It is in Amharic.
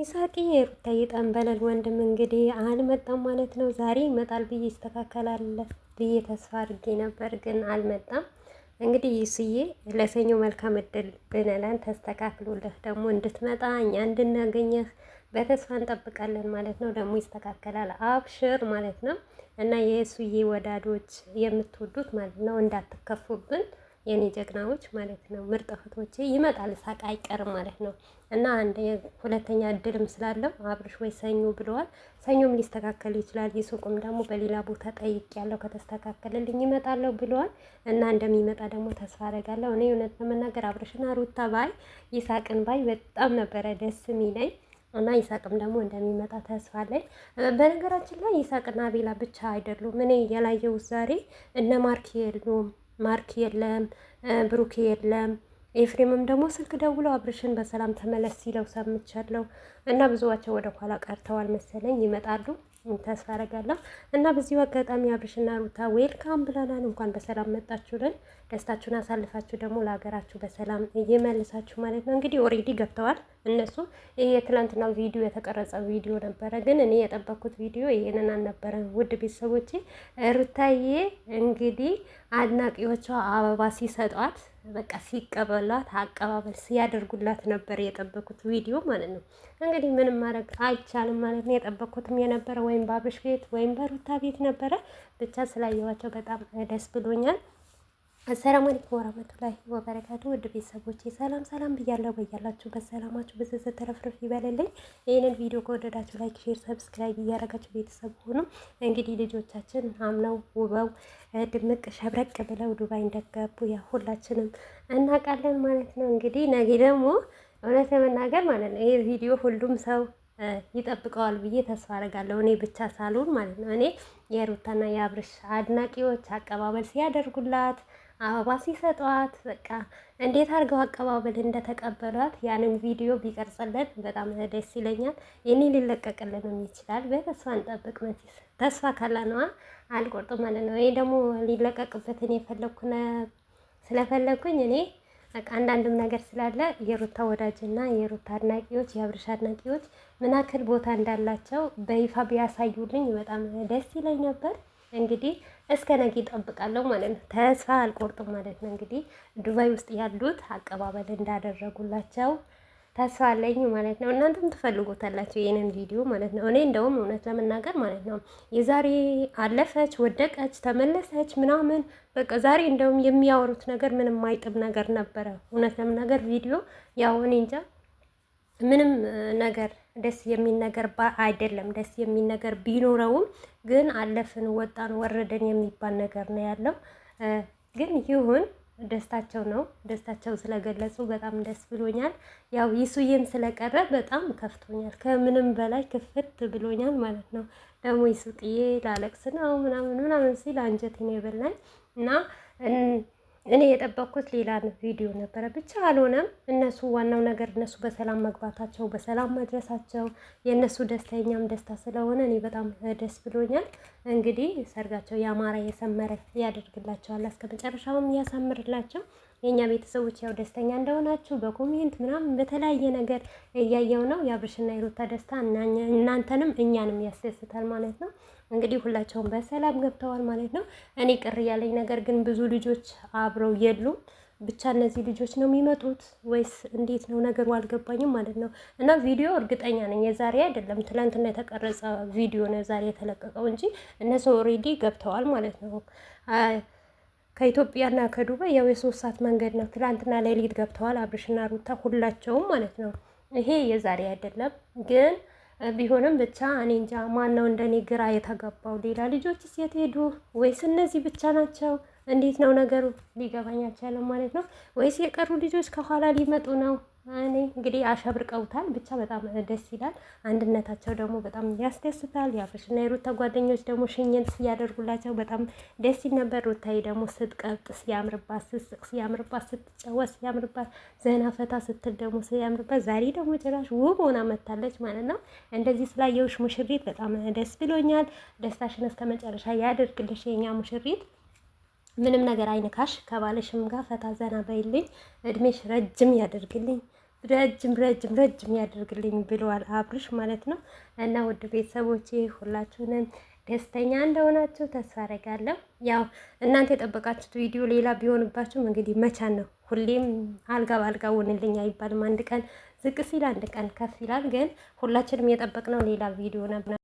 ይሳቂ የሩታዬ ጠንበለል ወንድም እንግዲህ አልመጣም ማለት ነው። ዛሬ ይመጣል ብዬ ይስተካከላል ብዬ ተስፋ አድርጌ ነበር፣ ግን አልመጣም። እንግዲህ ይስዬ ለሰኞ መልካም እድል ብንለን ተስተካክሎልህ ደግሞ እንድትመጣ እኛ እንድናገኘህ በተስፋ እንጠብቃለን ማለት ነው። ደግሞ ይስተካከላል፣ አብሽር ማለት ነው እና የሱዬ ወዳዶች የምትወዱት ማለት ነው እንዳትከፉብን የኔ ጀግናዎች ማለት ነው። ምርጥ እህቶቼ ይመጣል ሳቅ አይቀርም ማለት ነው። እና አንድ ሁለተኛ እድልም ስላለው አብርሽ ወይ ሰኞ ብለዋል። ሰኞም ሊስተካከል ይችላል። የሱቁም ደግሞ በሌላ ቦታ ጠይቅ ያለው ከተስተካከልልኝ ይመጣለሁ ብለዋል። እና እንደሚመጣ ደግሞ ተስፋ አደርጋለሁ። እኔ እውነት ለመናገር አብርሽና ሩታ ባይ ይሳቅን ባይ በጣም ነበረ ደስ የሚለኝ እና ይሳቅም ደግሞ እንደሚመጣ ተስፋ አለኝ። በነገራችን ላይ ይሳቅና ቤላ ብቻ አይደሉም። እኔ የላየው ዛሬ እነ ማርክ የሉም ማርክ የለም፣ ብሩክ የለም። ኤፍሬምም ደግሞ ስልክ ደውለው አብርሽን በሰላም ተመለስ ሲለው ሰምቻለሁ እና ብዙዋቸው ወደ ኋላ ቀርተዋል መሰለኝ ይመጣሉ። ተስፋ አረጋለሁ እና በዚሁ አጋጣሚ አብርሽና ሩታ ዌልካም ብለናል። እንኳን በሰላም መጣችሁልን። ደስታችሁን አሳልፋችሁ ደግሞ ለሀገራችሁ በሰላም እየመልሳችሁ ማለት ነው። እንግዲህ ኦሬዲ ገብተዋል እነሱ። ይሄ የትላንትናው ቪዲዮ የተቀረጸ ቪዲዮ ነበረ፣ ግን እኔ የጠበኩት ቪዲዮ ይሄንን አልነበረ። ውድ ቤተሰቦቼ ሩታዬ እንግዲህ አድናቂዎቿ አበባ ሲሰጧት በቃ ሲቀበሏት አቀባበል ሲያደርጉላት ነበር የጠበኩት ቪዲዮ ማለት ነው። እንግዲህ ምንም ማድረግ አይቻልም ማለት ነው። የጠበኩትም የነበረ ወይም በአበሽ ቤት ወይም በሩታ ቤት ነበረ። ብቻ ስላየኋቸው በጣም ደስ ብሎኛል። አሰላሙ አለይኩም ወራህመቱላሂ ወበረካቱ ውድ ቤተሰቦቼ ሰላም ሰላም ብያለሁ። በያላችሁበት ሰላማችሁ ብዙ ተረፍርፍ ይበልልኝ። ይህንን ቪዲዮ ከወደዳችሁ ላይክ፣ ሼር፣ ሰብስክራይብ እያደረጋችሁ ቤተሰብ ሆኑ። እንግዲህ ልጆቻችን አምነው ውበው ድምቅ ሸብረቅ ብለው ዱባይ እንደገቡ ያ ሁላችንም እናውቃለን ማለት ነው። እንግዲህ ነገ ደግሞ እውነት ለመናገር ማለት ነው ይሄ ቪዲዮ ሁሉም ሰው ይጠብቀዋል ብዬ ተስፋ አደርጋለሁ። እኔ ብቻ ሳልሆን ማለት ነው። እኔ የሩታና የአብርሽ አድናቂዎች አቀባበል ሲያደርጉላት አበባ ሲሰጧት በቃ እንዴት አድርገው አቀባበል እንደተቀበሏት ያንን ቪዲዮ ቢቀርጽልን በጣም ደስ ይለኛል። ይህኔ ሊለቀቅልንም ይችላል። በተስፋ እንጠብቅ። መቼስ ተስፋ ካላነዋ አልቆርጥም ማለት ነው። ይህ ደግሞ ሊለቀቅበትን የፈለግኩ ስለፈለግኩኝ እኔ በቃ አንዳንድም ነገር ስላለ የሩታ ወዳጅና የሩታ አድናቂዎች የአብርሽ አድናቂዎች ምናክል ቦታ እንዳላቸው በይፋ ቢያሳዩልኝ በጣም ደስ ይለኝ ነበር። እንግዲህ እስከ ነገ ይጠብቃለሁ ማለት ነው። ተስፋ አልቆርጥም ማለት ነው። እንግዲህ ዱባይ ውስጥ ያሉት አቀባበል እንዳደረጉላቸው ተስፋ አለኝ ማለት ነው። እናንተም ትፈልጉታላችሁ ይህንን ቪዲዮ ማለት ነው። እኔ እንደውም እውነት ለመናገር ማለት ነው የዛሬ አለፈች፣ ወደቀች፣ ተመለሰች ምናምን በቃ ዛሬ እንደውም የሚያወሩት ነገር ምንም አይጥም ነገር ነበረ። እውነት ለመናገር ቪዲዮ ያው እኔ እንጃ ምንም ነገር ደስ የሚል ነገር አይደለም። ደስ የሚል ነገር ቢኖረውም ግን አለፍን፣ ወጣን፣ ወረደን የሚባል ነገር ነው ያለው። ግን ይሁን ደስታቸው ነው። ደስታቸው ስለገለጹ በጣም ደስ ብሎኛል። ያው ይሱዬም ስለቀረ በጣም ከፍቶኛል። ከምንም በላይ ክፍት ብሎኛል ማለት ነው። ደግሞ ጥዬ ላለቅስ ነው ምናምን ምናምን ሲል አንጀቴን የበላኝ እና እኔ የጠበቅኩት ሌላ ቪዲዮ ነበረ። ብቻ አልሆነም። እነሱ ዋናው ነገር እነሱ በሰላም መግባታቸው፣ በሰላም መድረሳቸው የእነሱ ደስታ ደስታ ስለሆነ እኔ በጣም ደስ ብሎኛል። እንግዲህ ሰርጋቸው ያማረ የሰመረ ያደርግላቸዋል። እስከ መጨረሻውም ያሳምርላቸው። የእኛ ቤተሰቦች ያው ደስተኛ እንደሆናችሁ በኮሜንት ምናምን በተለያየ ነገር እያየው ነው። የአብርሽና የሩታ ደስታ እናንተንም እኛንም ያስደስታል ማለት ነው። እንግዲህ ሁላቸውም በሰላም ገብተዋል ማለት ነው። እኔ ቅር ያለኝ ነገር ግን ብዙ ልጆች አብረው የሉም። ብቻ እነዚህ ልጆች ነው የሚመጡት ወይስ እንዴት ነው ነገሩ? አልገባኝም ማለት ነው። እና ቪዲዮ እርግጠኛ ነኝ የዛሬ አይደለም፣ ትናንትና የተቀረጸ ቪዲዮ ነው ዛሬ የተለቀቀው እንጂ እነሱ ኦልሬዲ ገብተዋል ማለት ነው። ከኢትዮጵያና ከዱባይ ያው የሶስት ሰዓት መንገድ ነው። ትላንትና ሌሊት ገብተዋል አብርሽና ሩታ ሁላቸውም ማለት ነው። ይሄ የዛሬ አይደለም ግን ቢሆንም ብቻ እኔ እንጃ ማነው እንደኔ ግራ የተገባው? ሌላ ልጆች የት ሄዱ? ወይስ እነዚህ ብቻ ናቸው? እንዴት ነው ነገሩ? ሊገባኝ አልቻለም ማለት ነው። ወይስ የቀሩ ልጆች ከኋላ ሊመጡ ነው? እኔ እንግዲህ አሸብርቀውታል። ብቻ በጣም ደስ ይላል። አንድነታቸው ደግሞ በጣም ያስደስታል። የአብርሽና የሩታ ጓደኞች ደግሞ ሽኝት ሲያደርጉላቸው በጣም ደስ ይል ነበር። ሩታዬ ደግሞ ስትቀብጥ ሲያምርባት፣ ስትስቅ ሲያምርባት፣ ስትጫወት ሲያምርባት፣ ዘና ፈታ ስትል ደግሞ ሲያምርባት፣ ዛሬ ደግሞ ጭራሽ ውብ ሆና መታለች ማለት ነው። እንደዚህ ስላየውሽ ሙሽሪት በጣም ደስ ብሎኛል። ደስታሽን እስከ መጨረሻ ያደርግልሽ የኛ ሙሽሪት ምንም ነገር አይንካሽ። ከባለሽም ጋር ፈታ ዘና በይልኝ። እድሜሽ ረጅም ያደርግልኝ። ረጅም ረጅም ረጅም ያደርግልኝ ብለዋል አብርሽ ማለት ነው። እና ውድ ቤተሰቦቼ ሁላችሁንም ደስተኛ እንደሆናችሁ ተስፋ አደርጋለሁ። ያው እናንተ የጠበቃችሁት ቪዲዮ ሌላ ቢሆንባችሁም እንግዲህ መቻን ነው። ሁሌም አልጋ በአልጋ ውንልኝ አይባልም። አንድ ቀን ዝቅ ሲል፣ አንድ ቀን ከፍ ይላል። ግን ሁላችንም የጠበቅነው ሌላ ቪዲዮ ነበር።